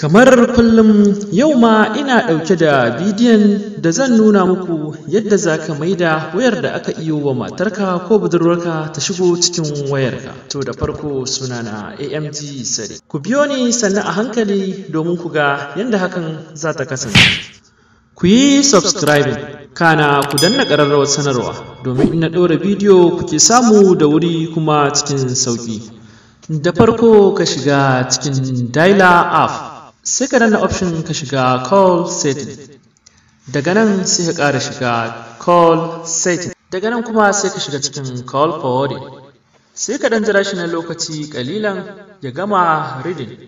Kamar kullum yau ma ina ɗauke da bidiyon da zan nuna muku yadda za ka maida wayar da aka iyo wa matarka ko budurwarka ta shigo cikin wayarka. To da farko na AMG Sari. Ku biyo ni sannan a hankali domin ku ga yadda hakan za ta kasance. Ku yi subscribe kana ku danna ƙararrawar sanarwa domin ina ɗora bidiyo kuke samu da wuri kuma cikin sauƙi. Da farko ka shiga cikin Dialer app. sai ka danna option ka shiga call setting daga nan sai ka ƙara shiga call setting daga nan kuma sai ka shiga cikin call forwarding sai ka dan jira shi na lokaci ƙalilan ya gama reading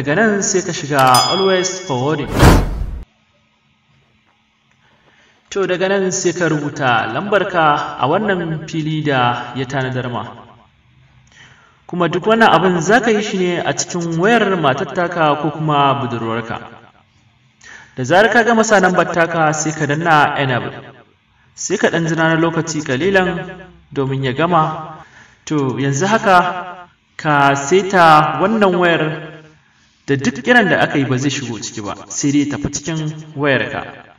daga nan sai ka shiga always forwarding to daga nan sai ka rubuta lambarka a wannan fili da ya tanadar ma kuma duk wani abin za ka yi shi ne a cikin wayar matattaka ko kuma budurwarka da zarar ka gama sa battaka sai ka danna enable sai ka ɗan jira na lokaci kalilan domin ya gama to yanzu haka ka saita wannan wayar da duk irin da aka yi ba zai shigo ciki ba sai dai tafi cikin wayarka